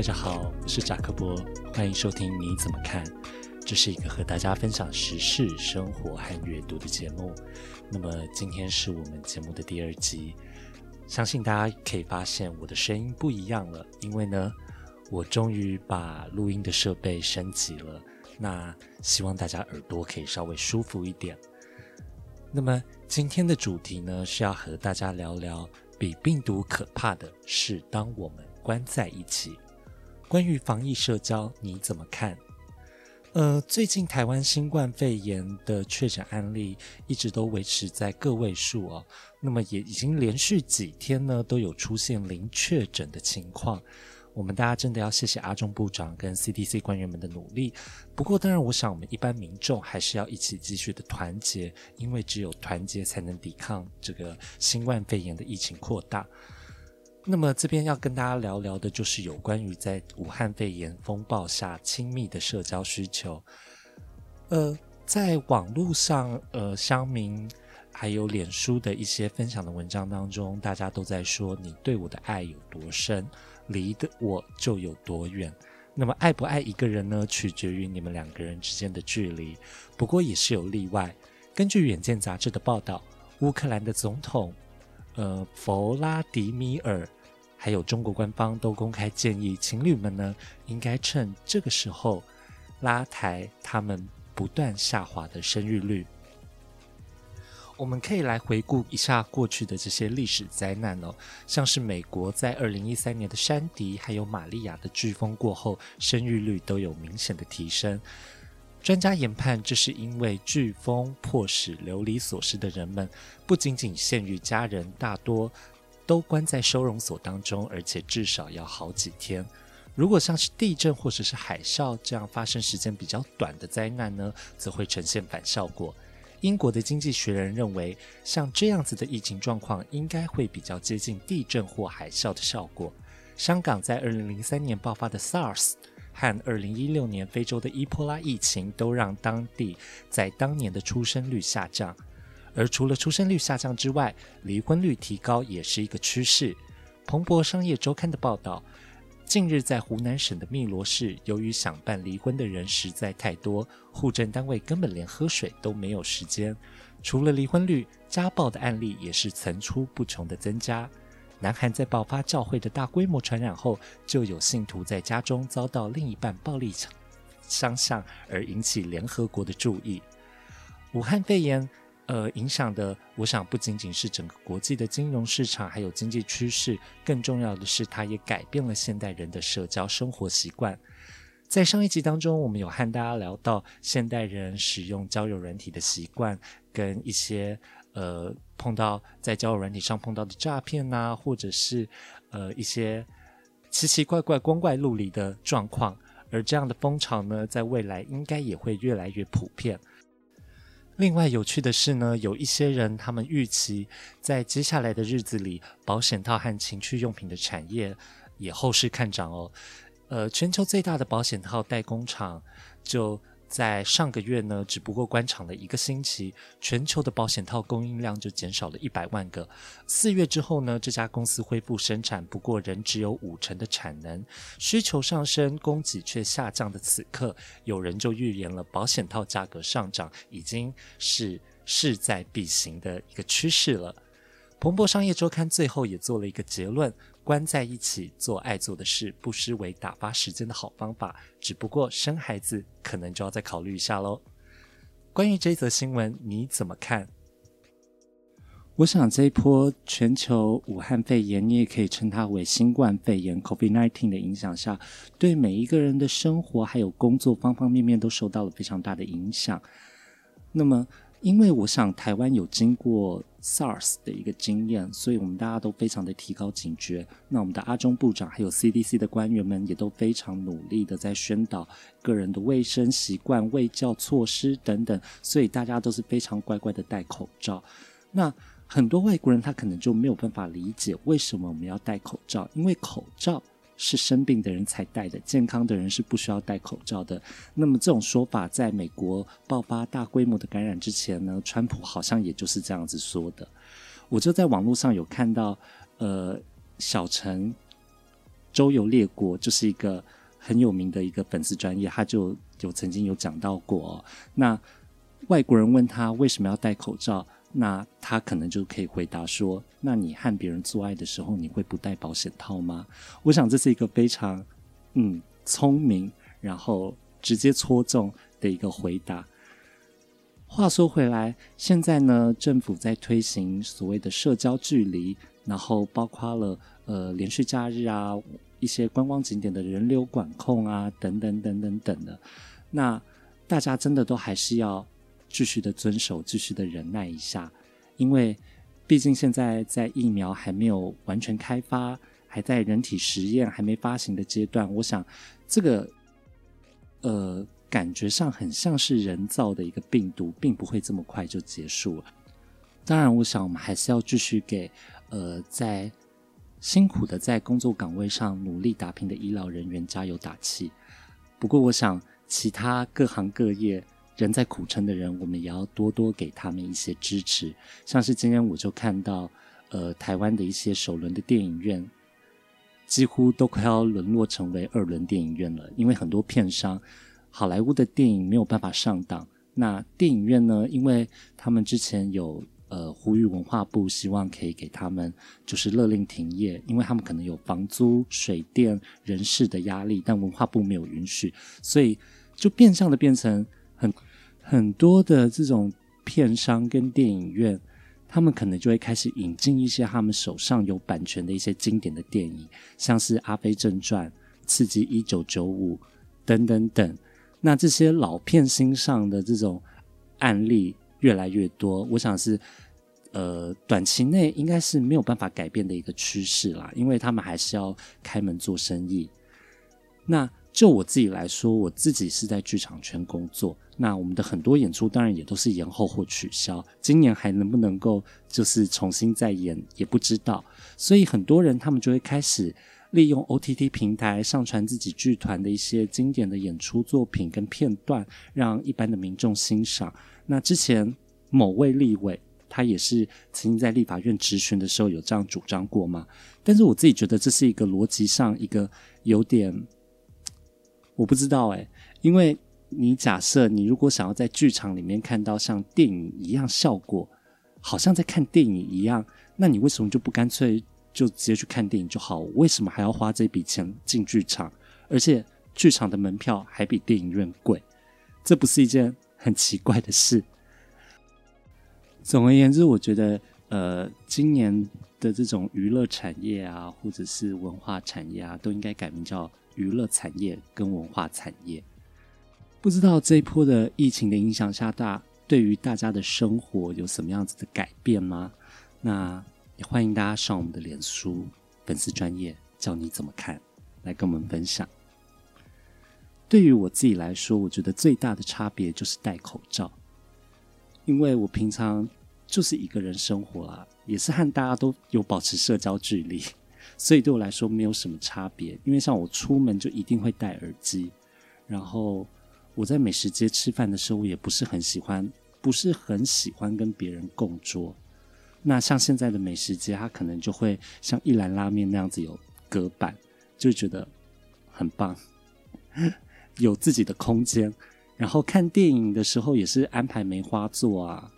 大家好，我是賈克波，歡迎收聽《你怎麼看》。這是一個和大家分享時事、生活和閱讀的節目。那麼今天是我們節目的第二集，相信大家可以發現我的聲音不一樣了，因為呢，我終於把錄音的設備升級了。那希望大家耳朵可以稍微舒服一點。那麼今天的主題呢，是要和大家聊聊，比病毒可怕的，是當我們關在一起。關於防疫社交，你怎麼看？呃，最近台灣新冠肺炎的確診案例一直都維持在個位數哦。那麼也已經連續幾天呢，都有出現零確診的情況。我們大家真的要謝謝阿中部長跟 CDC 官員們的努力。不過，當然，我想我們一般民眾還是要一起繼續的團結，因為只有團結才能抵抗這個新冠肺炎的疫情擴大。那麼這邊要跟大家聊聊的，就是有關於在武漢肺炎風暴下親密的社交需求。呃，在網絡上，呃，鄉民還有臉書的一些分享的文章當中，大家都在說：“你對我的愛有多深，離得我就有多遠。”那麼，愛不愛一個人呢？取決於你們兩個人之間的距離。不過也是有例外。根據《遠見》雜誌的報道，烏克蘭的總統。呃，弗拉迪米爾，還有中國官方都公開建議情侶們呢，應該趁這個時候拉抬他們不斷下滑的生育率。我們可以來回顧一下過去的這些歷史災難哦，像是美國在二零一三年的山迪還有瑪利亞的颶風過後，生育率都有明顯的提升。專家研判，這是因為颶風迫使流離失所的人們不僅僅限於家人，大多都關在收容所當中，而且至少要好幾天。如果像是地震或者是海嘯這樣發生時間比較短的災難呢，則會呈現反效果。英國的經濟學人認為，像這樣子的疫情狀況應該會比較接近地震或海嘯的效果。香港在二零零三年爆發的 SARS。和2016年非洲的伊波拉疫情都讓當地在當年的出生率下降，而除了出生率下降之外，離婚率提高也是一個趨勢。彭博商業周刊的報道，近日在湖南省的汨羅市，由於想辦離婚的人實在太多，戶政單位根本連喝水都沒有時間。除了離婚率，家暴的案例也是層出不窮的增加。南韓在爆發教會的大規模傳染後，就有信徒，在家中遭到另一半暴力相向，而引起聯合國的注意。武漢肺炎，呃，影響的我想不僅僅是整個國際的金融市場，還有經濟趨勢，更重要的是，它也改變了現代人的社交生活習慣。在上一集當中，我們有和大家聊到現代人使用交友軟體的習慣跟一些。呃，碰到在交友軟體上碰到的詐騙吶、啊，或者是呃一些奇奇怪怪、光怪陸離的狀況，而這樣的風潮呢，在未來應該也會越來越普遍。另外，有趣的是呢，有一些人他們預期在接下來的日子裡，保險套和情趣用品的產業也後市看漲哦。呃，全球最大的保險套代工廠就。在上個月呢，只不過關廠，了一個星期，全球的保險套供應量就減少了一百萬個。四月之後呢，這家公司恢復生產，不過仍只有五成的產能。需求上升，供給卻下降的此刻，有人就預言了保險套價格上漲已經是勢在必行的一個趨勢了。《彭博商業周刊》最後也做了一個結論。關在一起做愛做的事，不失為打發時間的好方法。只不過生孩子可能就要再考慮一下嘍。關於這則新聞，你怎麼看？我想這一波全球武漢肺炎，你也可以稱它為新冠肺炎 （COVID-19） 的影響下，對每一個人的生活還有工作方方面面都受到了非常大的影響。那麼。因為我想台灣有經過 SARS 的一個經驗，所以我們大家都非常的提高警覺。那我們的阿中部長還有 CDC 的官員們也都非常努力的在宣導個人的衛生習慣、衛教措施等等，所以大家都是非常乖乖的戴口罩。那很多外國人他可能就沒有辦法理解為什麼我們要戴口罩，因為口罩。是生病的人才戴的，健康的人是不需要戴口罩的。那麼這種說法，在美國爆發大規模的感染之前呢，川普好像也就是這樣子說的。我就在網絡上有看到，呃，小陳周遊列國就是一個很有名的一個粉絲專頁，他就有曾經有講到過、哦，那外國人問他為什麼要戴口罩。那他可能就可以回答說：“那你和別人做愛的時候，你會不戴保險套嗎？”我想這是一個非常嗯聰明，然後直接戳中的一個回答。話說回來，現在呢，政府在推行所謂的社交距離，然後包括了呃連續假日啊，一些觀光景點的人流管控啊，等等等等，等等的。那大家真的都還是要。繼續的遵守，繼續的忍耐一下，因為畢竟現在在疫苗還沒有完全開發，還在人體實驗還沒發行的階段。我想這個，呃，感覺上很像是人造的一個病毒，並不會這麼快就結束了。當然，我想我們還是要繼續給，呃，在辛苦的在工作崗位上努力打拼的醫療人員加油打氣。不過，我想其他各行各業。人在苦撐的人，我們也要多多給他們一些支持。像是今天我就看到，呃，台灣的一些首輪的電影院幾乎都快要淪落成為二輪電影院了，因為很多片商好萊塢的電影沒有辦法上檔。那電影院呢，因為他們之前有呃呼籲文化部，希望可以給他們就是勒令停業，因為他們可能有房租、水電、人事的壓力，但文化部沒有允許，所以就變相的變成。很很多的這種片商跟電影院，他們可能就會開始引進一些他們手上有版權的一些經典的電影，像是《阿飛正傳》《刺激一九九五》等等等。那這些老片新上的這種案例越來越多，我想是呃短期內應該是沒有辦法改變的一個趨勢啦，因為他們還是要開門做生意。那就我自己來說，我自己是在劇場圈工作。那我們的很多演出當然也都是延後或取消，今年還能不能夠就是重新再演也不知道，所以很多人他們就會開始利用 OTT 平台上傳自己劇團的一些經典的演出作品跟片段，讓一般的民眾欣賞。那之前某位立委他也是曾經在立法院質詢的時候有這樣主張過嘛，但是我自己覺得這是一個邏輯上一個有點，我不知道誒、欸，因為。你假設你如果想要在劇場裡面看到像電影一樣效果，好像在看電影一樣，那你為什麼就不乾脆就直接去看電影就好？為什麼還要花這筆錢進劇場？而且劇場的門票還比電影院貴，這不是一件很奇怪的事。總而言之，我覺得呃，今年的這種娛樂產業啊，或者是文化產業啊，都應該改名叫娛樂產業跟文化產業。不知道這一波的疫情的影響下，大，對於大家的生活有什麼樣子的改變嗎？那也歡迎大家上我們的臉書粉絲專頁，叫你怎麼看，來跟我們分享。對於我自己來說，我覺得最大的差別就是戴口罩，因為我平常就是一個人生活啊，也是和大家都有保持社交距離，所以對我來說沒有什麼差別。因為像我出門就一定會戴耳機，然後。我在美食街吃飯的時候，我也不是很喜歡，不是很喜歡跟別人共桌。那像現在的美食街，它可能就會像一蘭拉麵那樣子有隔板，就覺得很棒， 有自己的空間。然後看電影的時候也是安排梅花座啊。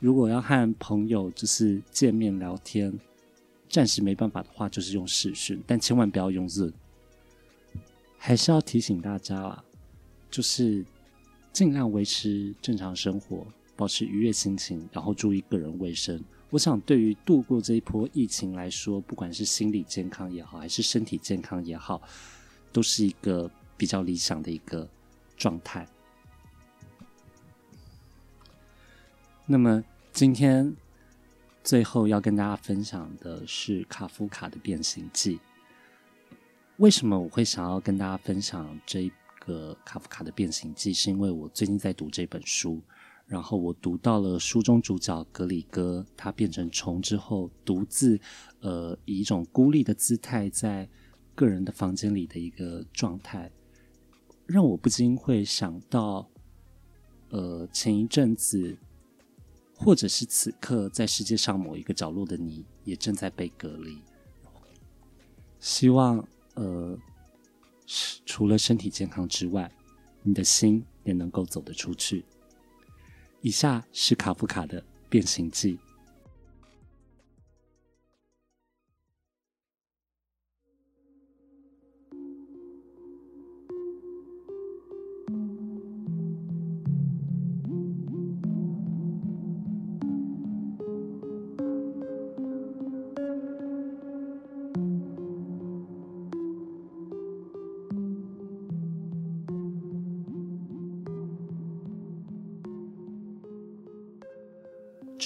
如果要和朋友就是見面聊天，暫時沒辦法的話，就是用視訊，但千萬不要用 Zoom。還是要提醒大家啦、啊。就是盡量維持正常生活，保持愉悅心情，然後注意個人衛生。我想，對於度過這一波疫情來說，不管是心理健康也好，還是身體健康也好，都是一個比較理想的一個狀態。那麼，今天最後要跟大家分享的是卡夫卡的《變形記》。為什麼我會想要跟大家分享這一？和卡夫卡的《變形記》是因為我最近在讀這本書，然後我讀到了書中主角格里哥他變成蟲之後，獨自，呃，以一種孤立的姿態在個人的房間裡的一個狀態，讓我不禁會想到，呃，前一陣子，或者是此刻在世界上某一個角落的你，也正在被隔離。希望，呃。除了身體健康之外，你的心也能夠走得出去。以下是卡夫卡的《變形記》。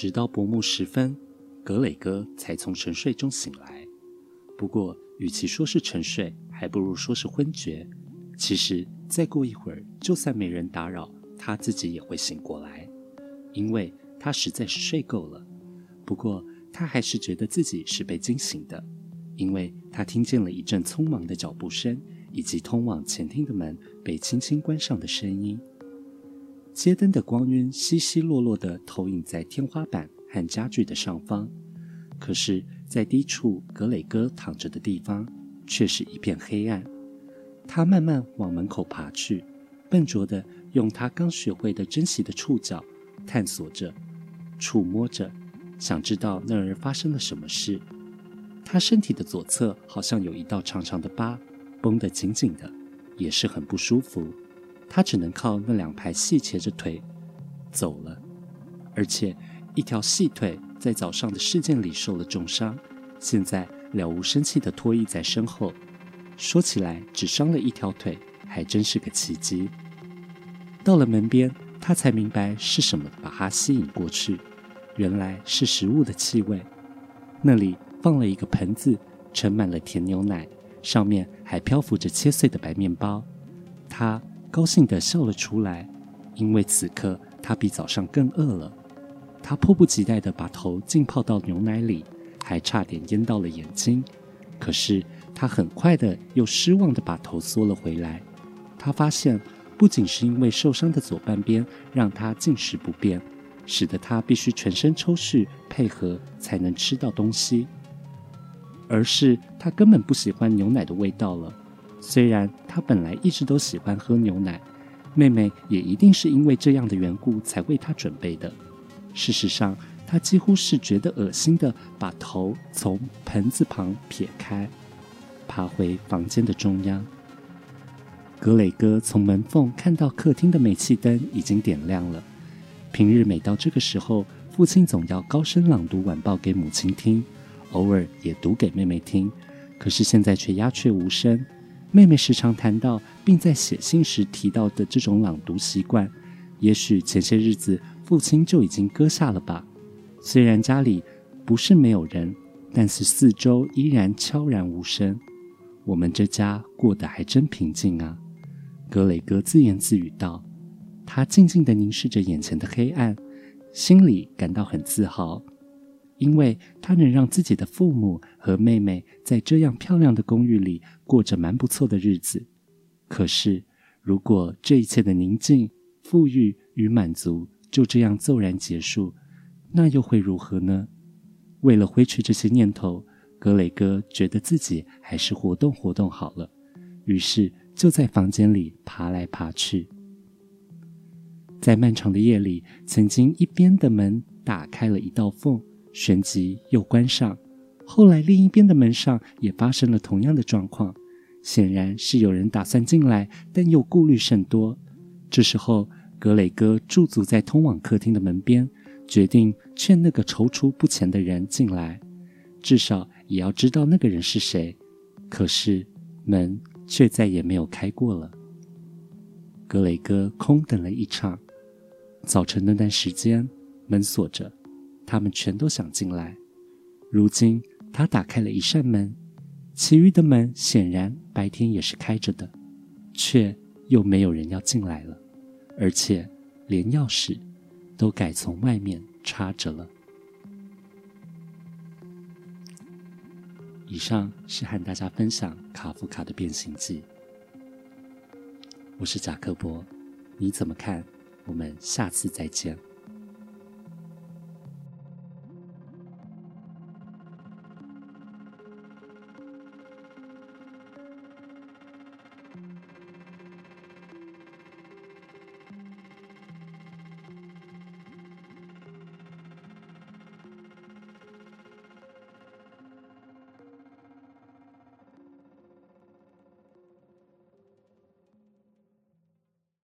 直到薄暮時分，格雷戈才從沉睡中醒來。不過，與其說是沉睡，還不如說是昏厥。其實，再過一會兒，就算沒人打擾，他自己也會醒過來，因為他實在是睡夠了。不過，他還是覺得自己是被驚醒的，因為他聽見了一陣匆忙的腳步聲，以及通往前廳的門被輕輕關上的聲音。街燈的光暈稀稀落落地投影在天花板和家具的上方，可是，在低處格雷戈躺着的地方卻是一片黑暗。他慢慢往門口爬去，笨拙地用他剛學會的珍惜的觸角探索着、觸摸着，想知道那兒發生了什麼事。他身體的左側好像有一道長長的疤，繃得緊緊的，也是很不舒服。他只能靠那兩排細斜着腿走了，而且一條細腿在早上的事件裡受了重傷，現在了無生氣地拖曳在身後。說起來，只傷了一條腿，還真是個奇蹟。到了門邊，他才明白是什麼把他吸引過去，原來是食物的氣味。那裡放了一個盆子，盛滿了甜牛奶，上面還漂浮着切碎的白麵包。他。高興地笑了出來，因為此刻他比早上更餓了。他迫不及待地把頭浸泡到牛奶裡，還差點淹到了眼睛。可是他很快的又失望地把頭縮了回來。他發現，不僅是因為受傷的左半邊讓他進食不便，使得他必須全身抽搐配合才能吃到東西，而是他根本不喜歡牛奶的味道了。雖然他本來一直都喜歡喝牛奶，妹妹也一定是因為這樣的緣故才為他準備的。事實上，他幾乎是覺得惡心的，把頭從盆子旁撇開，爬回房間的中央。格雷戈從門縫看到客廳的煤氣燈已經點亮了。平日每到這個時候，父親總要高聲朗讀晚報給母親聽，偶爾也讀給妹妹聽。可是現在卻鴉雀無聲。妹妹時常談到，並在寫信時提到的這種朗讀習慣，也許前些日子父親就已經擱下了吧。雖然家裡不是沒有人，但是四周依然悄然無聲。我們這家過得還真平靜啊，格雷格自言自語道。他靜靜地凝視着眼前的黑暗，心裡感到很自豪。因為他能讓自己的父母和妹妹在這樣漂亮的公寓裡過着蠻不錯的日子，可是如果這一切的寧靜、富裕與滿足就這樣驟然結束，那又會如何呢？為了揮去這些念頭，格雷戈覺得自己還是活動活動好了，於是就在房間裡爬來爬去。在漫長的夜裡，曾經一邊的門打開了一道縫。旋即又關上。後來，另一邊的門上也發生了同樣的狀況，顯然是有人打算進來，但又顧慮甚多。這時候，格雷戈駐足在通往客廳的門邊，決定勸那個躊躇不前的人進來，至少也要知道那個人是誰。可是，門卻再也沒有開過了。格雷戈空等了一場。早晨那段時間，門鎖着。他們全都想進來。如今，他打開了一扇門，其餘的門顯然白天也是開着的，卻又沒有人要進來了，而且連鑰匙都改從外面插着了。以上是和大家分享卡夫卡的《變形記》。我是賈科伯，你怎麼看？我們下次再見。